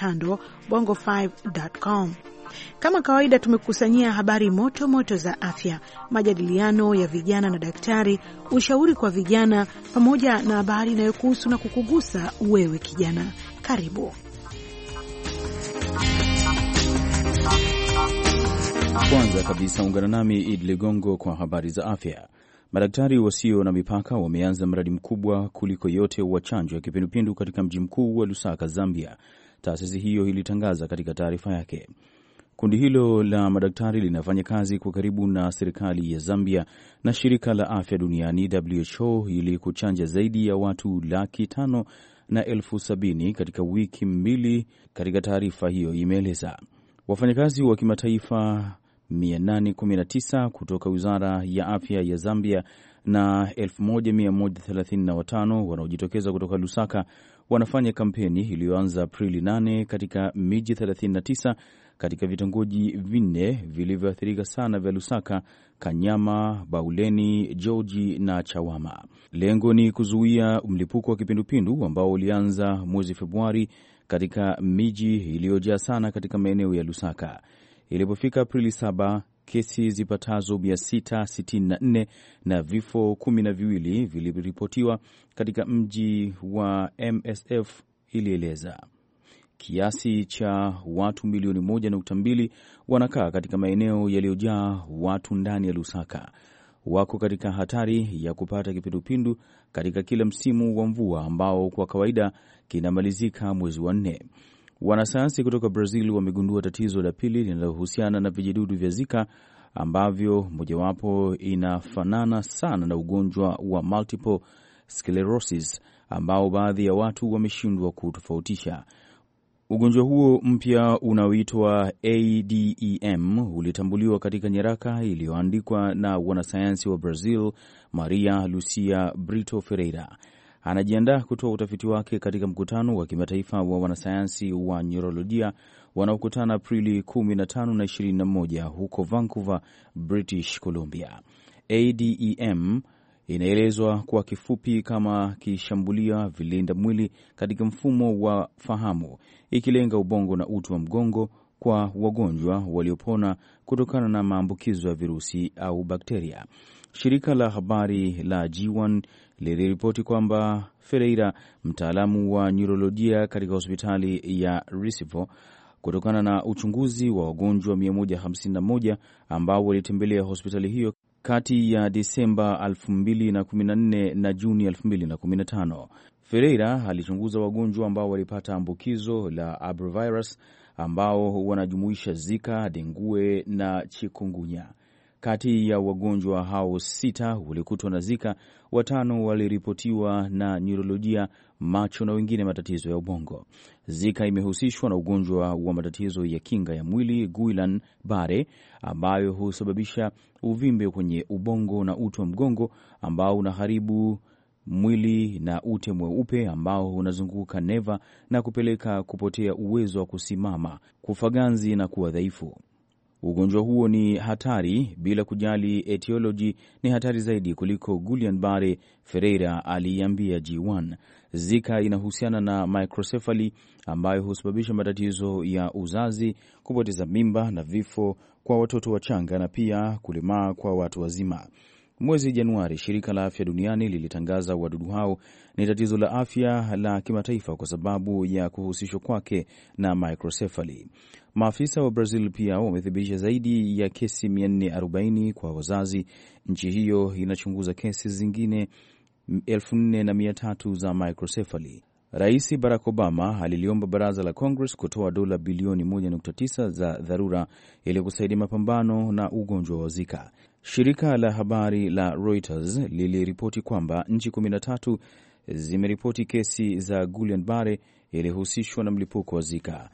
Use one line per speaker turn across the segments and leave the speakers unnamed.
mitando bongo5.com. Kama kawaida tumekusanyia habari moto moto za afya, majadiliano ya vijana na daktari, ushauri kwa vijana, pamoja na habari inayokuhusu na kukugusa wewe kijana. Karibu
kwanza kabisa, ungana nami Idi Ligongo kwa habari za afya. Madaktari wasio na mipaka wameanza mradi mkubwa kuliko yote wa chanjo ya kipindupindu katika mji mkuu wa Lusaka, Zambia, taasisi hiyo ilitangaza katika taarifa yake. Kundi hilo la madaktari linafanya kazi kwa karibu na serikali ya Zambia na shirika la afya duniani WHO ili kuchanja zaidi ya watu laki tano na elfu sabini katika wiki mbili. Katika taarifa hiyo imeeleza wafanyakazi wa kimataifa 819 kutoka wizara ya afya ya Zambia na 1135 wanaojitokeza kutoka Lusaka wanafanya kampeni iliyoanza Aprili 8 katika miji 39 katika vitongoji vinne vilivyoathirika sana vya Lusaka, Kanyama, Bauleni, Georgi na Chawama. Lengo ni kuzuia mlipuko wa kipindupindu ambao ulianza mwezi Februari katika miji iliyojaa sana katika maeneo ya Lusaka. Ilipofika Aprili 7 kesi zipatazo 664 na vifo kumi na viwili viliripotiwa katika mji wa MSF ilieleza. Kiasi cha watu milioni 1.2 wanakaa katika maeneo yaliyojaa watu ndani ya Lusaka, wako katika hatari ya kupata kipindupindu katika kila msimu wa mvua ambao kwa kawaida kinamalizika mwezi wa nne. Wanasayansi kutoka Brazil wamegundua tatizo la pili linalohusiana na vijidudu vya Zika ambavyo mojawapo inafanana sana na ugonjwa wa multiple sclerosis ambao baadhi ya watu wameshindwa kutofautisha. Ugonjwa huo mpya unaoitwa ADEM ulitambuliwa katika nyaraka iliyoandikwa na wanasayansi wa Brazil Maria Lucia Brito Ferreira anajiandaa kutoa utafiti wake katika mkutano wa kimataifa wa wanasayansi wa nyurolojia wanaokutana Aprili 15 na 21 huko Vancouver, British Columbia. ADEM inaelezwa kwa kifupi kama kishambulia vilinda mwili katika mfumo wa fahamu, ikilenga ubongo na uti wa mgongo kwa wagonjwa waliopona kutokana na maambukizo ya virusi au bakteria. Shirika la habari la G1 liliripoti kwamba fereira mtaalamu wa nyurolojia katika hospitali ya Recife, kutokana na uchunguzi wa wagonjwa 151 ambao walitembelea hospitali hiyo kati ya Disemba 2014 na Juni 2015. fereira alichunguza wagonjwa ambao walipata ambukizo la abrovirus ambao wanajumuisha Zika, dengue na chikungunya. Kati ya wagonjwa hao sita walikutwa na Zika, watano waliripotiwa na nyurolojia, macho na wengine matatizo ya ubongo. Zika imehusishwa na ugonjwa wa matatizo ya kinga ya mwili Guillain Barre, ambayo husababisha uvimbe kwenye ubongo na uti wa mgongo ambao unaharibu mwili na ute mweupe ambao unazunguka neva na kupeleka kupotea uwezo wa kusimama, kufaganzi na kuwa dhaifu. Ugonjwa huo ni hatari bila kujali etioloji, ni hatari zaidi kuliko gulian bare Ferreira aliiambia G1. Zika inahusiana na microsefali ambayo husababisha matatizo ya uzazi, kupoteza mimba na vifo kwa watoto wachanga na pia kulemaa kwa watu wazima. Mwezi Januari, shirika la afya duniani lilitangaza wadudu hao ni tatizo la afya la kimataifa kwa sababu ya kuhusishwa kwake na microsefali. Maafisa wa Brazil pia wamethibitisha zaidi ya kesi 440 kwa wazazi. Nchi hiyo inachunguza kesi zingine 4300 za microcephaly. Rais Barack Obama aliliomba baraza la Congress kutoa dola bilioni 1.9 za dharura ili kusaidia mapambano na ugonjwa wa Zika. Shirika la habari la Reuters liliripoti kwamba nchi 13 zimeripoti kesi za Guillain Barre iliyohusishwa na mlipuko wa Zika.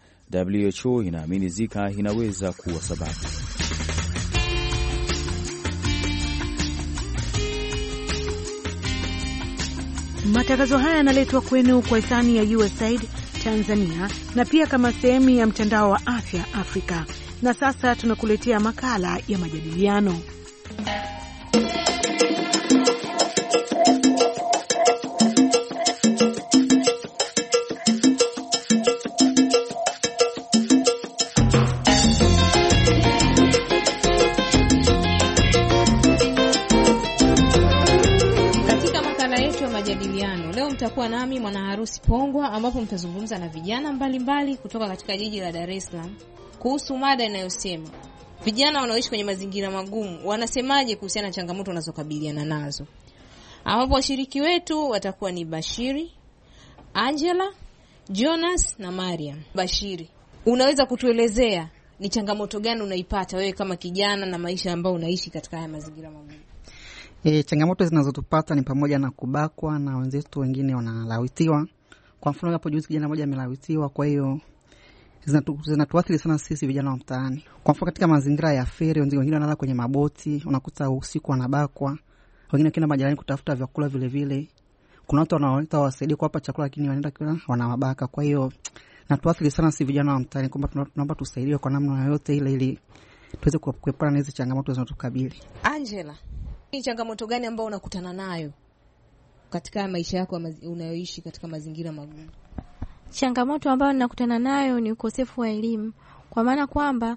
WHO inaamini Zika inaweza kuwa sababu.
Matangazo haya yanaletwa kwenu kwa hisani ya USAID Tanzania na pia kama sehemu ya mtandao wa afya Afrika. Na sasa tunakuletea makala ya majadiliano
nami Mwanaharusi Pongwa, ambapo mtazungumza na vijana mbalimbali kutoka katika jiji la Dar es Salaam kuhusu mada inayosema vijana wanaoishi kwenye mazingira magumu wanasemaje kuhusiana na changamoto wanazokabiliana nazo, ambapo washiriki wetu watakuwa ni Bashiri, Angela, Jonas na Mariam. Bashiri, unaweza kutuelezea ni changamoto gani unaipata wewe kama kijana na maisha ambayo unaishi katika haya mazingira magumu?
E, changamoto zinazotupata ni pamoja na kubakwa na wenzetu wengine wanalawitiwa. Kwa mfano hapo juzi kijana mmoja amelawitiwa, kwa hiyo zinatuathiri sana sisi vijana wa mtaani. Kwa mfano katika mazingira ya feri, wengine wanalala kwenye maboti, unakuta usiku wanabakwa, wengine wakienda majirani kutafuta vyakula vilevile. Kuna watu wanaoita wawasaidie kuwapa chakula, lakini wanaenda wanawabaka. Kwa hiyo natuathiri sana sisi vijana wa mtaani, kwamba tunaomba tusaidiwe kwa namna yoyote ile, ili tuweze kuepukana na hizi changamoto zinazotukabili.
Angela ni changamoto gani ambayo unakutana nayo katika maisha yako unayoishi katika mazingira magumu?
Changamoto ambayo ninakutana nayo ni ukosefu wa elimu, kwa maana kwamba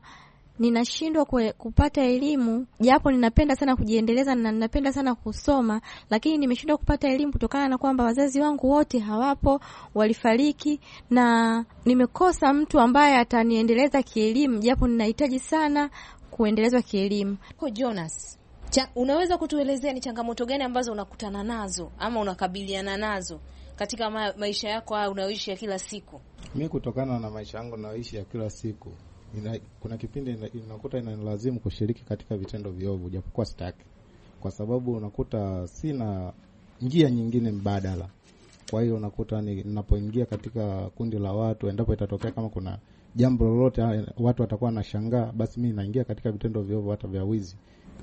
ninashindwa kupata elimu japo ninapenda sana kujiendeleza na ninapenda sana kusoma, lakini nimeshindwa kupata elimu kutokana na kwamba wazazi wangu wote hawapo, walifariki, na nimekosa mtu ambaye ataniendeleza kielimu, japo ninahitaji sana kuendelezwa kielimu.
Jonas, cha, unaweza kutuelezea ni changamoto gani ambazo unakutana nazo ama unakabiliana nazo katika ma maisha yako haya unayoishi ya kila siku?
Mi kutokana na maisha yangu naoishi ya kila siku ina, kuna kipindi inakuta ina, inanilazimu kushiriki katika vitendo viovu japokuwa sitaki, kwa sababu unakuta sina njia nyingine mbadala. Kwa hiyo unakuta ninapoingia katika kundi la watu, endapo itatokea kama kuna jambo lolote watu watakuwa shangaa, basi mi naingia katika vitendo viovu hata vya wizi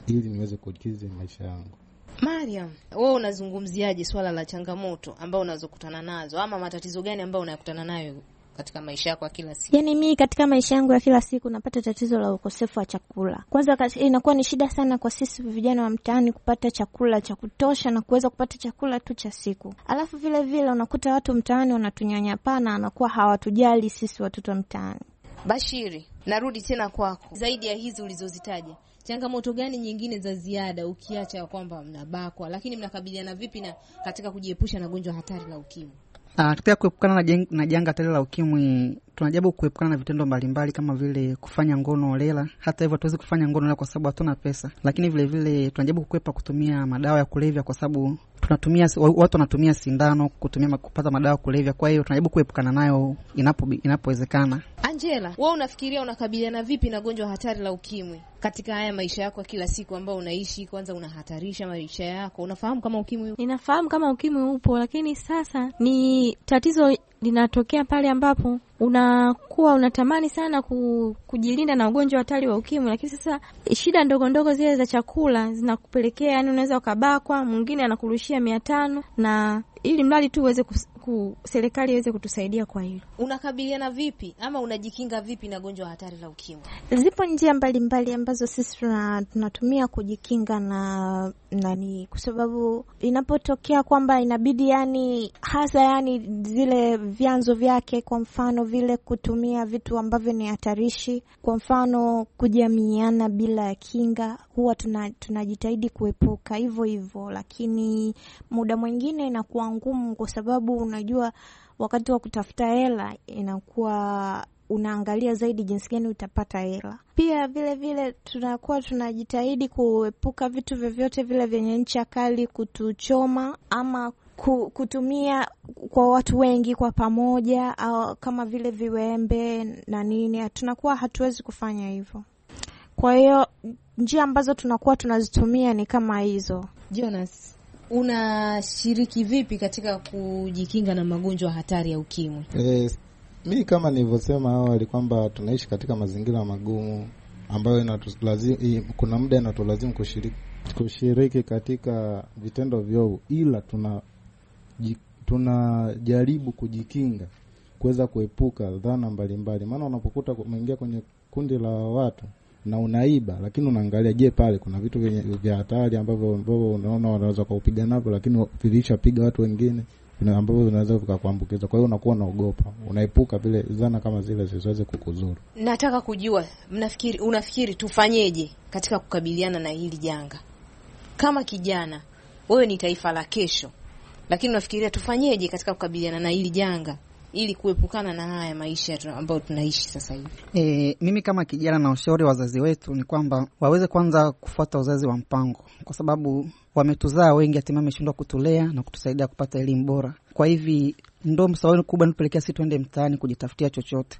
ili niweze kukizi maisha yangu.
Mariam, wewe unazungumziaje swala la changamoto ambayo unazokutana nazo ama matatizo gani ambayo unayakutana nayo katika maisha yako ya kila siku?
Yaani
mimi katika maisha yangu ya kila siku napata tatizo la ukosefu wa chakula. Kwanza inakuwa ni shida sana kwa sisi vijana wa mtaani kupata chakula cha kutosha na kuweza kupata chakula tu cha siku. Alafu vile vile unakuta watu mtaani wanatunyanyapaa na anakuwa hawatujali sisi watoto mtaani.
Bashiri, narudi tena kwako. Zaidi ya hizi ulizozitaja, changamoto gani nyingine za ziada ukiacha kwamba mnabakwa, lakini mnakabiliana vipi na katika kujiepusha na gonjwa hatari la
ukimwi? Ah, katika kuepukana na janga hatari la ukimwi tunajaribu kuepukana na vitendo mbalimbali kama vile kufanya ngono lela. Hata hivyo hatuwezi kufanya ngono lela kwa sababu hatuna pesa, lakini vilevile tunajaribu kukwepa kutumia madawa ya kulevya kwa sababu tunatumia watu wanatumia sindano kutumia kupata madawa ya kulevya. Kwa hiyo tunajaribu kuepukana nayo inapowezekana.
Angela, wewe unafikiria unakabiliana vipi na gonjwa hatari la ukimwi katika haya maisha yako kila siku ambao unaishi? Kwanza unahatarisha maisha yako, unafahamu kama ukimwi? Ninafahamu kama ukimwi upo, lakini sasa
ni tatizo linatokea pale ambapo unakuwa unatamani sana kujilinda na ugonjwa hatari wa ukimwi, lakini sasa shida ndogo ndogo zile za chakula zinakupelekea, yani unaweza ukabakwa, mwingine anakurushia mia tano na ili mradi tu uweze
ku, serikali iweze kutusaidia kwa hilo.
Unakabiliana vipi ama unajikinga vipi na gonjwa hatari la ukimwi?
Zipo njia mbalimbali mbali ambazo sisi tunatumia kujikinga na nani, kwa sababu inapotokea kwamba inabidi yani, hasa yani zile vyanzo vyake, kwa mfano vile kutumia vitu ambavyo ni hatarishi, kwa mfano kujamiana bila kinga, huwa tunajitahidi tuna kuepuka hivyo hivyo, lakini muda mwingine inakuwa ngumu kwa sababu unajua wakati wa kutafuta hela inakuwa unaangalia zaidi jinsi gani utapata hela. Pia vilevile tunakuwa tunajitahidi kuepuka vitu vyovyote vile vyenye ncha kali kutuchoma ama kutumia kwa watu wengi kwa pamoja, au kama vile viwembe na nini,
tunakuwa hatuwezi
kufanya hivyo. Kwa hiyo njia ambazo tunakuwa tunazitumia
ni kama hizo, Jonas unashiriki vipi katika kujikinga na magonjwa hatari ya ukimwi?
E, mi kama nilivyosema awali kwamba tunaishi katika mazingira magumu ambayo inatulazim, kuna muda inatulazimu kushiriki, kushiriki katika vitendo vyovu, ila tuna tunajaribu kujikinga kuweza kuepuka dhana mbalimbali, maana unapokuta umeingia kwenye kundi la watu na unaiba, lakini unaangalia, je, pale kuna vitu vya hatari ambavyo ambavyo unaona wanaweza kuupiga navyo, lakini vilishapiga watu wengine ambavyo vinaweza vikakuambukiza. Kwa hiyo unakuwa unaogopa, unaepuka vile zana kama zile zisiweze kukuzuru.
Nataka kujua mnafikiri, unafikiri tufanyeje katika kukabiliana na hili janga? Kama kijana wewe, ni taifa la kesho, lakini unafikiria tufanyeje katika kukabiliana na hili janga? ili kuepukana na haya maisha ambayo tunaishi sasa hivi.
E, mimi kama kijana na ushauri wazazi wetu ni kwamba waweze kwanza kufuata uzazi wa mpango, kwa sababu wametuzaa wengi, hatimaye ameshindwa kutulea na kutusaidia kupata elimu bora. Kwa hivi ndo msawani kubwa natupelekea si tuende mtaani kujitafutia chochote.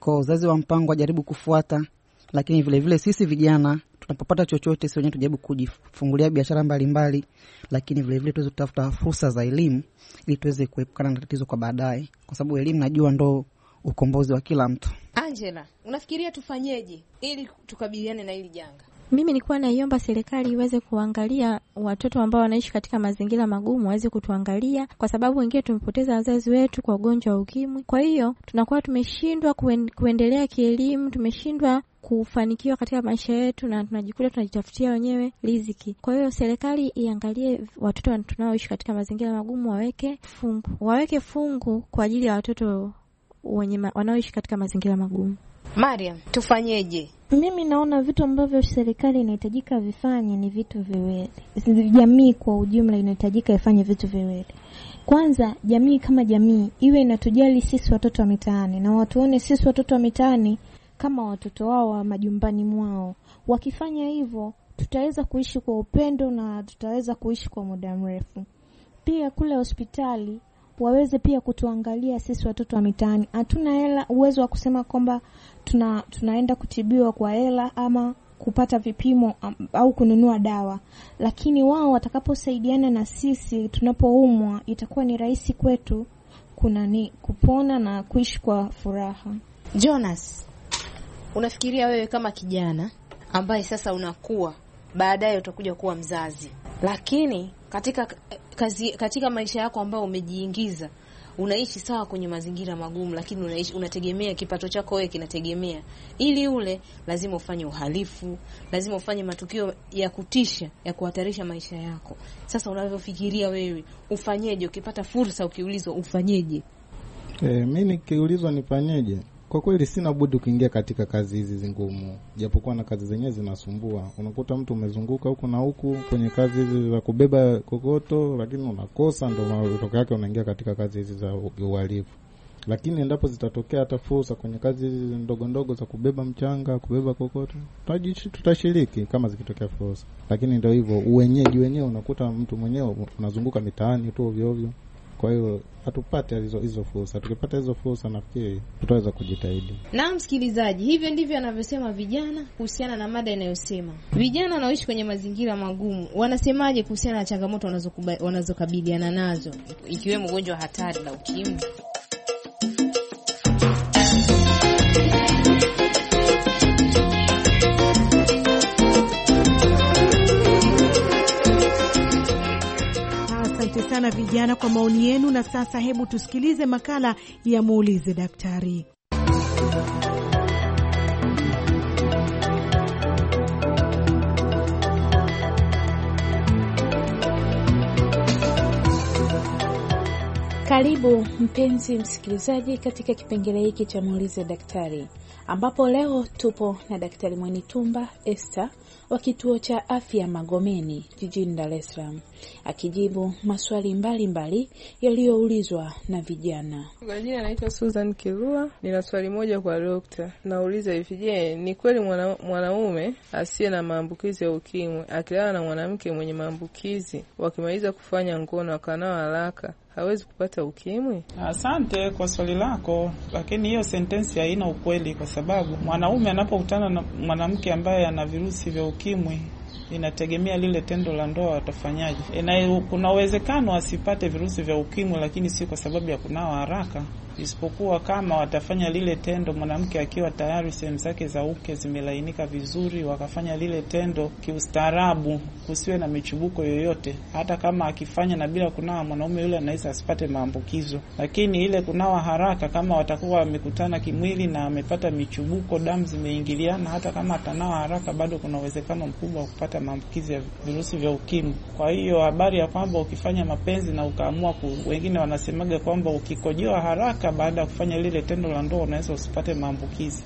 Kwa uzazi wa mpango wajaribu kufuata, lakini vilevile vile sisi vijana tunapopata chochote, si wenyewe tujaribu kujifungulia biashara mbalimbali, lakini vilevile tuweze kutafuta fursa za elimu ili tuweze kuepukana na tatizo kwa baadaye, kwa sababu elimu najua ndo ukombozi wa kila mtu.
Angela, unafikiria tufanyeje ili tukabiliane na hili janga?
Mimi nilikuwa naiomba serikali
iweze kuangalia watoto ambao wanaishi katika mazingira magumu, waweze kutuangalia, kwa sababu wengine tumepoteza wazazi wetu kwa ugonjwa wa ukimwi. Kwa hiyo tunakuwa tumeshindwa kuen, kuendelea kielimu, tumeshindwa kufanikiwa katika maisha yetu na tunajikuta tunajitafutia wenyewe riziki. Kwa hiyo serikali iangalie watoto tunaoishi katika mazingira magumu, waweke fungu, waweke fungu kwa ajili ya watoto wenye wanaoishi katika mazingira magumu.
Mariam, tufanyeje?
Mimi naona vitu ambavyo serikali inahitajika vifanye ni vitu viwili. Jamii kwa ujumla inahitajika ifanye vitu viwili. Kwanza, jamii kama jamii iwe inatujali sisi watoto wa mitaani na watuone sisi watoto wa mitaani kama watoto wao wa majumbani mwao. Wakifanya hivyo, tutaweza kuishi kwa upendo na tutaweza kuishi kwa muda mrefu. Pia kule hospitali waweze pia kutuangalia sisi watoto wa mitaani. Hatuna hela uwezo wa kusema kwamba tuna, tunaenda kutibiwa kwa hela ama kupata vipimo au kununua dawa, lakini wao watakaposaidiana na sisi tunapoumwa, itakuwa ni rahisi kwetu kuna ni kupona na kuishi kwa furaha. Jonas,
unafikiria wewe kama kijana ambaye sasa unakuwa baadaye utakuja kuwa mzazi, lakini katika kazi, katika maisha yako ambayo umejiingiza unaishi sawa kwenye mazingira magumu, lakini unaishi, unategemea kipato chako wewe kinategemea, ili ule lazima ufanye uhalifu, lazima ufanye matukio ya kutisha ya kuhatarisha maisha yako. Sasa unavyofikiria wewe ufanyeje? Ukipata fursa ukiulizwa ufanyeje?
E, mi nikiulizwa nifanyeje kwa kweli sina budi kuingia katika kazi hizi zingumu japokuwa na kazi zenyewe zinasumbua. Unakuta mtu umezunguka huku na huku kwenye kazi hizi za kubeba kokoto, lakini unakosa, ndo matokeo yake unaingia katika kazi hizi za uhalifu. Lakini endapo zitatokea hata fursa kwenye kazi hizi ndogo ndogo za kubeba mchanga, kubeba kokoto, tutashiriki kama zikitokea fursa. Lakini ndo hivyo, uwenyeji wenyewe unakuta mtu mwenyewe unazunguka mitaani tu ovyo ovyo. Kwa hiyo hatupate hizo hizo fursa. Tukipata hizo fursa, nafikiri tutaweza kujitahidi.
Na msikilizaji, hivyo ndivyo anavyosema vijana kuhusiana na mada inayosema vijana wanaoishi kwenye mazingira magumu wanasemaje kuhusiana na changamoto wanazokabiliana nazo, ikiwemo ugonjwa hatari la ukimwi.
sana vijana kwa maoni yenu. Na sasa hebu tusikilize makala ya muulize daktari.
Karibu mpenzi msikilizaji katika kipengele hiki cha muulize daktari ambapo leo tupo na Daktari Mwenitumba Esther wa kituo cha afya Magomeni jijini Dar es Salaam akijibu maswali mbalimbali yaliyoulizwa na vijana.
Kwa jina anaitwa Susan Kirua.
Nina swali moja kwa dokta,
nauliza hivi, je, ni kweli mwana, mwanaume asiye na maambukizi ya ukimwi akilala na mwanamke mwenye maambukizi wakimaliza kufanya ngono akanao haraka hawezi kupata
ukimwi. Asante kwa swali lako, lakini hiyo sentensi haina ukweli, kwa sababu mwanaume anapokutana na mwanamke ambaye ana virusi vya ukimwi inategemea lile tendo la ndoa watafanyaje. E, kuna uwezekano asipate virusi vya ukimwi, lakini si kwa sababu ya kunawa haraka isipokuwa kama watafanya lile tendo mwanamke akiwa tayari sehemu zake za uke zimelainika vizuri, wakafanya lile tendo kiustaarabu, kusiwe na michubuko yoyote. Hata kama akifanya na bila kunawa, mwanaume yule anaweza asipate maambukizo. Lakini ile kunawa haraka, kama watakuwa wamekutana kimwili na amepata michubuko, damu zimeingiliana, hata kama atanawa haraka, bado kuna uwezekano mkubwa wa kupata maambukizi ya virusi vya ukimwi. Kwa hiyo habari ya kwamba ukifanya mapenzi na ukaamua wengine wanasemaga kwamba ukikojoa haraka hata baada ya kufanya lile tendo la ndoa unaweza usipate maambukizi,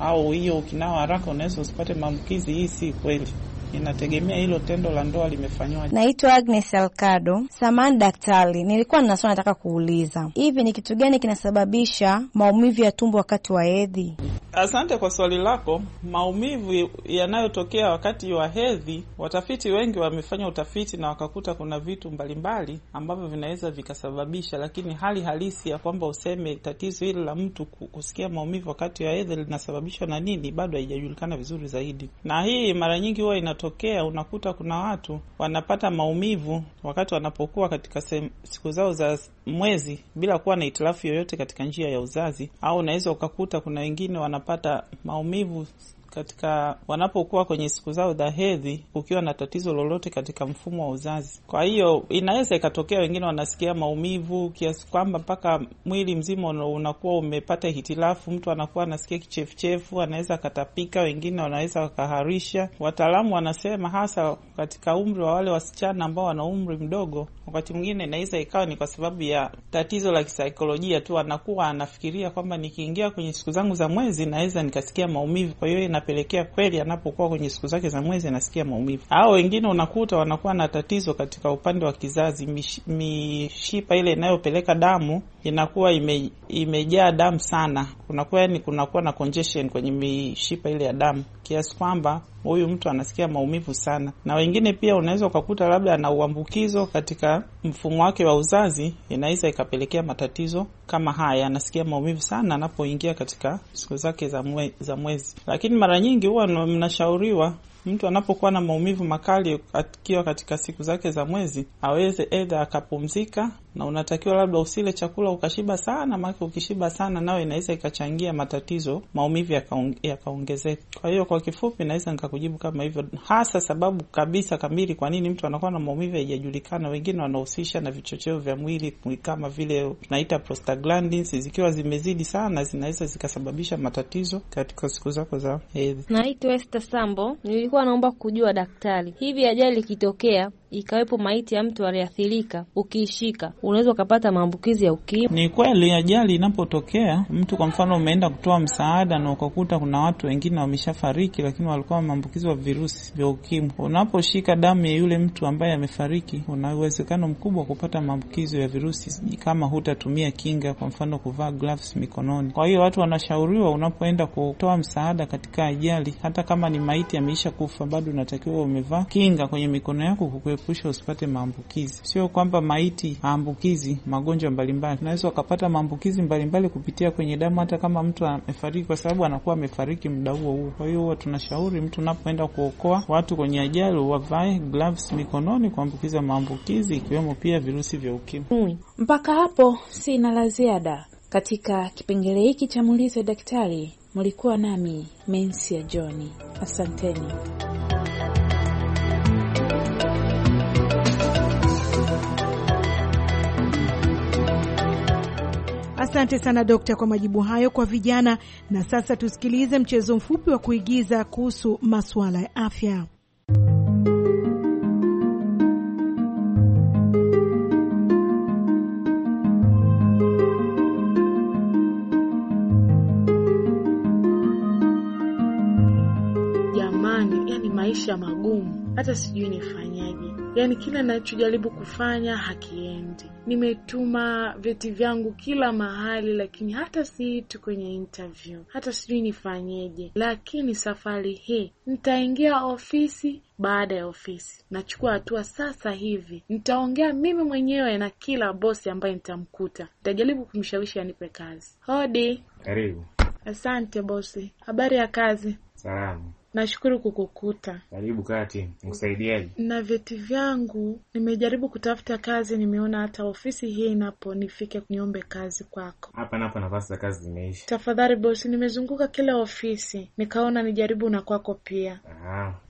au hiyo ukinawa haraka unaweza usipate maambukizi. Hii si kweli, inategemea hilo tendo la ndoa limefanywa. Naitwa
Agnes Alkado. Samani daktari, nilikuwa na swali nataka kuuliza, hivi ni kitu gani kinasababisha maumivu ya tumbo wakati wa hedhi?
Asante kwa swali lako. Maumivu yanayotokea wakati wa hedhi, watafiti wengi wamefanya utafiti na wakakuta kuna vitu mbalimbali ambavyo vinaweza vikasababisha, lakini hali halisi ya kwamba useme tatizo hili la mtu kusikia maumivu wakati wa hedhi linasababishwa na nini bado haijajulikana vizuri zaidi, na hii mara nyingi huwa inatokea, unakuta kuna watu wanapata maumivu wakati wanapokuwa katika siku zao za mwezi bila kuwa na hitirafu yoyote katika njia ya uzazi, au unaweza ukakuta kuna wengine wanapata maumivu katika wanapokuwa kwenye siku zao za hedhi, kukiwa na tatizo lolote katika mfumo wa uzazi. Kwa hiyo inaweza ikatokea, wengine wanasikia maumivu kiasi kwamba mpaka mwili mzima unakuwa umepata hitilafu, mtu anakuwa anasikia kichefuchefu, anaweza akatapika, wengine wanaweza wakaharisha. Wataalamu wanasema hasa katika umri wa wale wasichana ambao wana umri mdogo, wakati mwingine inaweza ikawa ni kwa sababu ya tatizo la kisaikolojia tu, anakuwa anafikiria kwamba nikiingia kwenye siku zangu za mwezi naweza nikasikia maumivu, kwa hiyo ina inapelekea kweli anapokuwa kwenye siku zake za mwezi anasikia maumivu. Au wengine unakuta wanakuwa na tatizo katika upande wa kizazi, mishipa ile inayopeleka damu inakuwa ime, imejaa damu sana, kunakuwa ni kunakuwa na congestion kwenye mishipa ile ya damu kiasi kwamba huyu mtu anasikia maumivu sana, na wengine pia unaweza ukakuta labda ana uambukizo katika mfumo wake wa uzazi, inaweza ikapelekea matatizo kama haya. Anasikia maumivu sana anapoingia katika siku zake za, mwe, za mwezi. Lakini mara nyingi huwa mnashauriwa mtu anapokuwa na maumivu makali akiwa katika siku zake za mwezi aweze edha akapumzika na unatakiwa labda usile chakula ukashiba sana, maana ukishiba sana nayo inaweza ikachangia matatizo, maumivu yakaongezeka. Kwa hiyo kwa kifupi, naweza nikakujibu kama hivyo, hasa sababu kabisa kamili kwa nini mtu anakuwa na maumivu haijajulikana. Wengine wanahusisha na vichocheo vya mwili kama vile tunaita prostaglandins, zikiwa zimezidi sana zinaweza zikasababisha matatizo katika siku zako za hedhi.
Naitwa Esther Sambo, nilikuwa naomba kujua daktari, hivi ajali ikitokea ikawepo maiti ya mtu aliathirika, ukiishika unaweza ukapata maambukizi ya
ukimwi. Ni kweli, ajali inapotokea mtu, kwa mfano, umeenda kutoa msaada na ukakuta kuna watu wengine wameshafariki, lakini walikuwa wameambukizwa virusi vya ukimwi, unaposhika damu ya yule mtu ambaye amefariki, una uwezekano mkubwa wa kupata maambukizo ya virusi kama hutatumia kinga, kwa mfano, kuvaa gloves mikononi. Kwa hiyo watu wanashauriwa, unapoenda kutoa msaada katika ajali, hata kama ni maiti ameisha kufa, bado unatakiwa umevaa kinga kwenye mikono yako kukuepusha usipate maambukizi. Sio kwamba maiti ambu maambukizi magonjwa mbalimbali, tunaweza wakapata maambukizi mbalimbali kupitia kwenye damu, hata kama mtu amefariki, kwa sababu anakuwa amefariki muda huo huo. Kwa hiyo huwa tunashauri mtu unapoenda kuokoa watu kwenye ajali wavae gloves mikononi kuambukiza maambukizi ikiwemo pia virusi vya ukimwi.
Mpaka hapo sina la ziada katika kipengele hiki cha Muulize Daktari. Mlikuwa nami Mensia Johni, asanteni.
Asante sana dokta kwa majibu hayo kwa vijana. Na sasa tusikilize mchezo mfupi wa kuigiza kuhusu masuala ya afya.
Jamani, yani maisha magumu, hata sijui nifanye Yaani kila ninachojaribu kufanya hakiendi. Nimetuma vyeti vyangu kila mahali, lakini hata siitu kwenye interview, hata sijui nifanyeje. Lakini safari hii nitaingia ofisi baada ya ofisi, nachukua hatua sasa hivi. Nitaongea mimi mwenyewe na kila bosi ambaye nitamkuta, nitajaribu kumshawishi anipe kazi. Hodi. Karibu. Asante bosi, habari ya kazi? Salamu. Nashukuru kukukuta.
Karibu kati, nikusaidiaje?
Na vyeti vyangu, nimejaribu kutafuta kazi, nimeona hata ofisi hii inapo nifike niombe kazi kwako.
Hapa napo nafasi za kazi zimeisha.
Tafadhali bosi, nimezunguka kila ofisi nikaona nijaribu na kwako pia.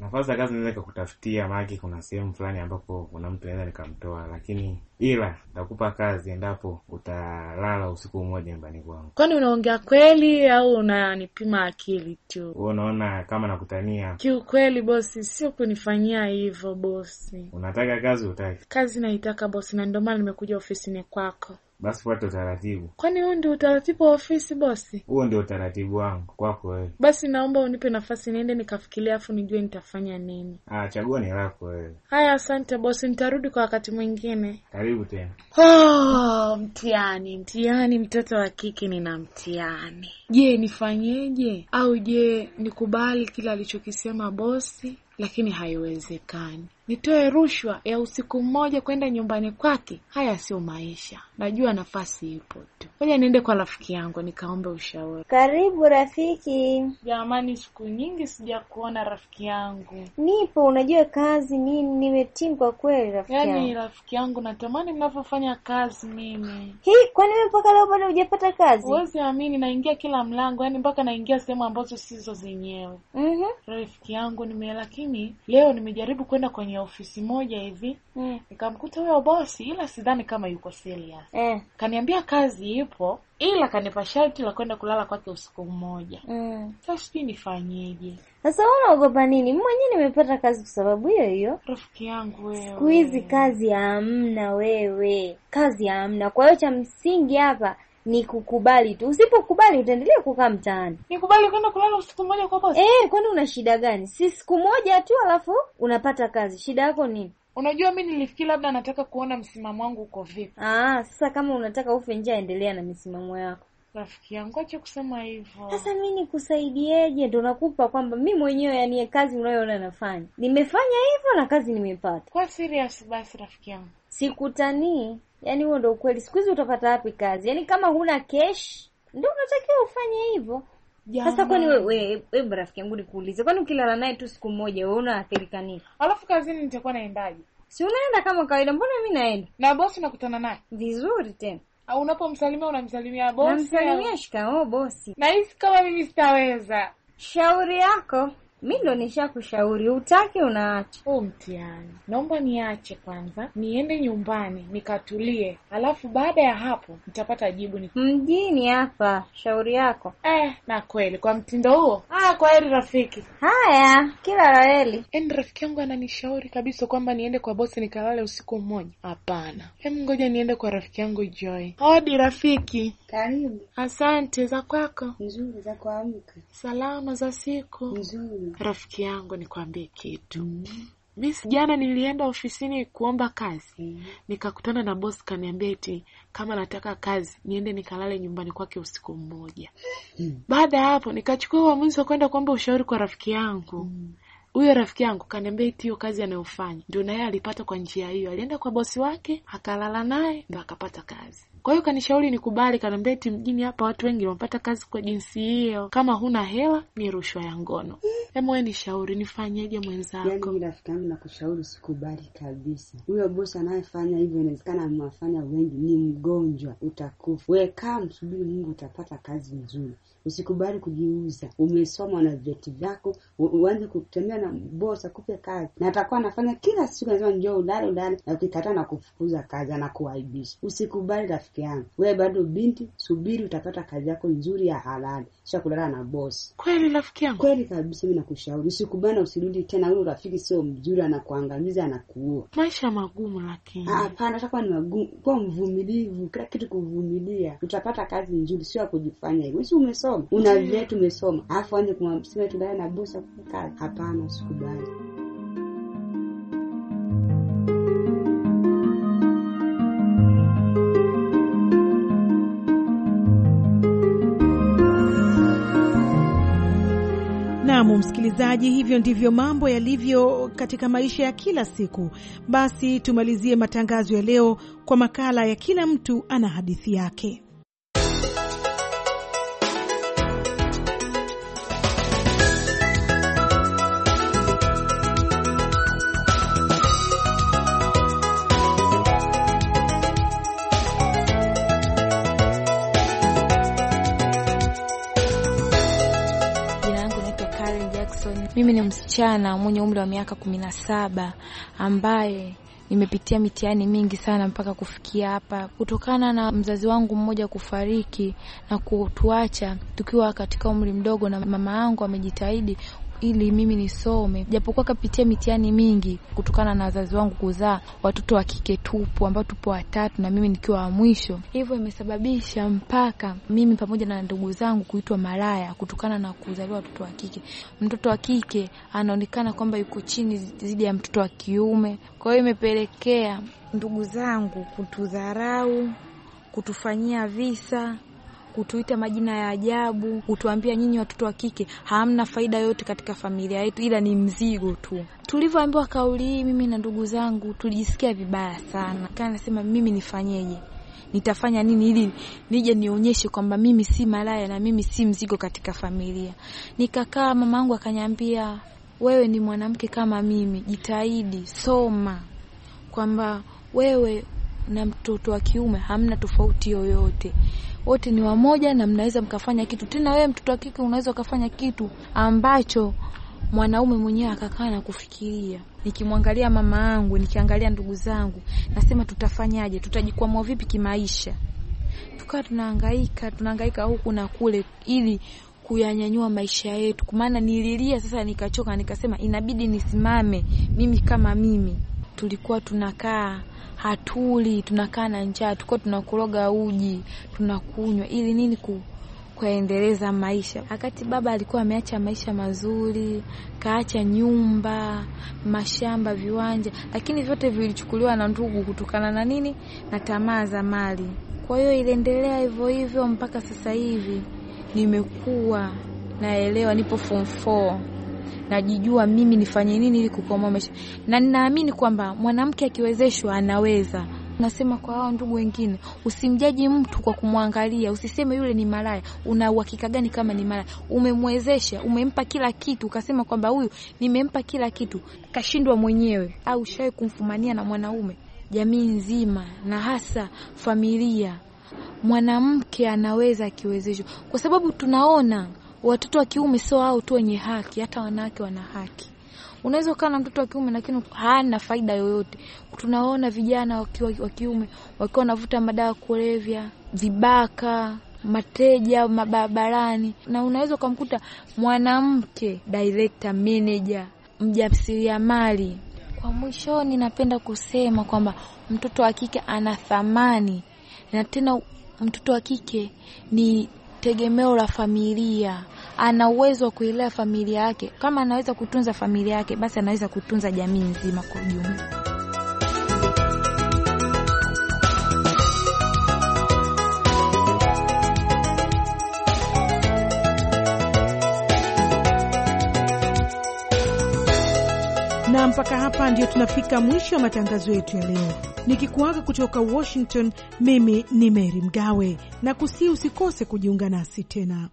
Nafasi za kazi naweza nikakutafutia, maanake kuna sehemu
fulani ambapo kuna mtu naeza nikamtoa, lakini ila takupa kazi endapo utalala usiku mmoja nyumbani kwangu.
Kwani unaongea kweli au unanipima akili tu?
Wewe unaona kama nakutania?
Kiukweli bosi, sio kunifanyia hivyo bosi.
Unataka kazi utaki?
Kazi naitaka bosi, na ndio maana nimekuja ofisini kwako.
Basi fuata utaratibu.
Kwani huu ndio utaratibu wa ofisi bosi?
Huo ndio utaratibu wangu kwako wewe.
Basi naomba unipe nafasi niende nikafikiria, afu nijue nitafanya nini.
Ah, chaguo ni lako wewe.
Haya, asante bosi, nitarudi kwa wakati mwingine. Karibu tena. Oh, mtihani mtihani, mtoto wa kike nina mtihani. Je, nifanyeje? Au je nikubali kile alichokisema bosi? Lakini haiwezekani nitoe rushwa ya usiku mmoja kwenda nyumbani kwake? Haya sio maisha, najua nafasi
ipo tu. Ngoja niende kwa rafiki yangu nikaombe ushauri. Karibu rafiki.
Jamani, siku nyingi sijakuona rafiki yangu.
Nipo, unajua kazi nini, nimetimu kwa kweli rafiki yaani yangu. Yaani
rafiki yangu natamani mnavyofanya kazi mimi. Hii kwani wewe mpaka leo bado hujapata kazi? Huwezi amini, naingia kila mlango, yaani mpaka naingia sehemu ambazo sizo zenyewe. Mhm. Mm rafiki yangu nime, lakini leo nimejaribu kwenda kwenye ofisi moja hivi mm. nikamkuta huyo bosi, ila sidhani kama yuko serious mm. kaniambia kazi ipo, ila kanipa sharti la kwenda kulala kwake usiku mmoja mm. sa sijui nifanyeje.
Sasa unaogopa nini? Mwenyewe nimepata kazi kwa sababu hiyo hiyo. Rafiki yangu wewe, siku hizi kazi hamna, wewe kazi hamna. Kwa hiyo cha msingi hapa ni kukubali tu. Usipokubali utaendelea kukaa mtaani. Nikubali kwenda kulala usiku mmoja kwa bosi? Eh, kwani una shida gani? Si siku moja tu alafu unapata kazi. Shida yako nini? Unajua, mi nilifikiri labda nataka kuona msimamo wangu uko vipi. Ah, sasa kama unataka ufe nje, endelea na misimamo yako. Rafiki yangu acha kusema hivyo. Sasa mi nikusaidieje? Ndo nakupa kwamba mi mwenyewe, yani kazi unayoona nafanya, nimefanya hivyo na kazi nimepata. Kwa serious basi, rafiki yangu, sikutanii Yaani huo ndio ukweli. Siku hizi utapata wapi kazi? Yaani kama huna cash ndio unatakiwa ufanye hivyo. Sasa kwani wewe wewe rafiki yangu nikuulize, kwani ukilala naye tu siku moja wewe unaathirika nini? Alafu kazini nitakuwa naendaje? Si unaenda kama kawaida, mbona mimi naenda? Na bosi nakutana naye. Vizuri tena. Au unapomsalimia unamsalimia bosi. Namsalimia shikamoo bosi. Nahisi kama mimi sitaweza. Shauri yako mi ndo kushauri utaki unaacha oh, u mtiani Naomba niache kwanza, niende nyumbani nikatulie, alafu baada ya hapo nitapata jibu ni... mjini hapa. Shauri yako eh. Na kweli kwa mtindo huo. ah, kwa heri rafiki. Haya, kila laheli heri. Yaani
rafiki yangu ananishauri kabisa kwamba niende kwa bosi nikalale usiku mmoja. Hapana, hem, ngoja niende kwa rafiki yangu Joy. Hodi rafiki. Karibu. Asante. Za kwako? Nzuri. Za kuamka? Salama. Za siku? Nzuri. Rafiki yangu nikwambie kitu mm-hmm. mi jana nilienda ofisini kuomba kazi nikakutana na bos kaniambia ti kama nataka kazi niende nikalale nyumbani kwake usiku mmoja mm. baada ya hapo nikachukua uamuzi wa kwenda kuomba ushauri kwa rafiki yangu mm-hmm. huyo mm. rafiki yangu kaniambia iti hiyo kazi anayofanya ndio naye alipata kwa njia hiyo alienda kwa bosi wake akalala naye ndo akapata kazi kwa hiyo kanishauri ni kubali eti mjini hapa watu wengi wanapata kazi kwa jinsi hiyo, kama huna hela ni rushwa ya ngono. Hebu wewe nishauri nifanyeje mwenzako? Yani
mimi rafiki yangu nakushauri sikubali kabisa. Huyo bosi anayefanya hivyo inawezekana amewafanya wengi, ni mgonjwa, utakufa. Wewe kaa msubiri Mungu, utapata kazi nzuri. Usikubali kujiuza. Umesoma na vyeti vyako, uanze kutembea na bosi akupe kazi, na atakuwa anafanya kila siku, anasema njoo ulale ulale, na ukikataa na kufukuza kazi, kuaibisha. Usikubali rafiki yangu, wewe bado binti, subiri, utapata kazi yako nzuri ya halali, sio kulala na bosi. Kweli rafiki yangu, kweli kabisa, mimi nakushauri usikubali na usirudi tena. Huyo rafiki sio mzuri, anakuangamiza, anakuua. Maisha magumu, lakini hapana, atakuwa ni magumu. Kuwa mvumilivu, kila kitu kuvumilia, utapata kazi nzuri, sio ya kujifanya hivyo. Usi umesoma tumesoma, una vile tumesoma, alafu anze kumsema tubaya na busa kukaa. Hapana, sikubali.
Msikilizaji, hivyo ndivyo mambo yalivyo katika maisha ya kila siku. Basi tumalizie matangazo ya leo kwa makala ya kila mtu ana hadithi yake.
mimi ni msichana mwenye umri wa miaka kumi na saba ambaye nimepitia mitihani mingi sana mpaka kufikia hapa, kutokana na mzazi wangu mmoja kufariki na kutuacha tukiwa katika umri mdogo, na mama yangu amejitahidi ili mimi nisome, japokuwa kapitia mitihani mingi kutokana na wazazi wangu kuzaa watoto wa kike tupu, ambao tupo watatu na mimi nikiwa wa mwisho. Hivyo imesababisha mpaka mimi pamoja na ndugu zangu kuitwa malaya kutokana na kuzaliwa watoto wa kike. Mtoto wa kike anaonekana kwamba yuko chini zidi ya mtoto wa kiume, kwa hiyo imepelekea ndugu zangu kutudharau, kutufanyia visa kutuita majina ya ajabu, kutuambia nyinyi watoto wa kike hamna faida yote katika familia yetu, ila ni mzigo tu. Tulivyoambiwa kauli hii, mimi na ndugu zangu tulijisikia vibaya sana. Kana nasema mimi nifanyeje? Nitafanya nini ili nije nionyeshe kwamba mimi si malaya na mimi si mzigo katika familia? Nikakaa, mamaangu akanyambia wewe ni mwanamke kama mimi, jitahidi, soma, kwamba wewe na mtoto wa kiume hamna tofauti yoyote wote ni wamoja na mnaweza mkafanya kitu. Tena wewe mtoto wa kike unaweza ukafanya kitu ambacho mwanaume mwenyewe akakaa na kufikiria. Nikimwangalia mama yangu, nikiangalia ndugu zangu, nasema tutafanyaje? Tutajikwamua vipi kimaisha? Tukawa tunahangaika, tunahangaika huku na kule ili kuyanyanyua maisha yetu. Kwa maana nililia sasa, nikachoka, nikasema inabidi nisimame mimi kama mimi. Tulikuwa tunakaa hatuli, tunakaa na njaa, tuko tunakuroga uji tunakunywa ili nini ku kuendeleza maisha. Wakati baba alikuwa ameacha maisha mazuri, kaacha nyumba, mashamba, viwanja, lakini vyote vilichukuliwa na ndugu kutokana na nini? Na tamaa za mali. Kwa hiyo iliendelea hivyo hivyo mpaka sasa hivi nimekuwa naelewa, nipo form najijua mimi nifanye nini ili kukomoa maisha, na ninaamini kwamba mwanamke akiwezeshwa anaweza. Nasema kwa hao ndugu wengine, usimjaji mtu kwa kumwangalia, usiseme yule ni malaya. Una uhakika gani kama ni malaya? Umemwezesha, umempa kila kitu, ukasema kwamba huyu nimempa kila kitu, kashindwa mwenyewe. Au shawe kumfumania na mwanaume? Jamii nzima na hasa familia, mwanamke anaweza akiwezeshwa, kwa sababu tunaona watoto wa kiume sio hao tu wenye haki, hata wanawake wana haki. Unaweza ukawa na mtoto wa kiume lakini hana faida yoyote. Tunaona vijana wa kiume wakiwa wanavuta madawa kulevya, vibaka, mateja mabarabarani, na unaweza ukamkuta mwanamke director, manager, mjasiriamali. Kwa mwishoni, napenda kusema kwamba mtoto wa kike ana thamani, na tena mtoto wa kike ni tegemeo la familia ana uwezo wa kuilea familia yake, kama anaweza kutunza familia yake, basi anaweza kutunza jamii nzima kwa ujumla.
Na mpaka hapa ndio tunafika mwisho wa matangazo yetu ya leo, nikikuaga kutoka Washington. Mimi ni mery Mgawe na kusii usikose kujiunga nasi tena.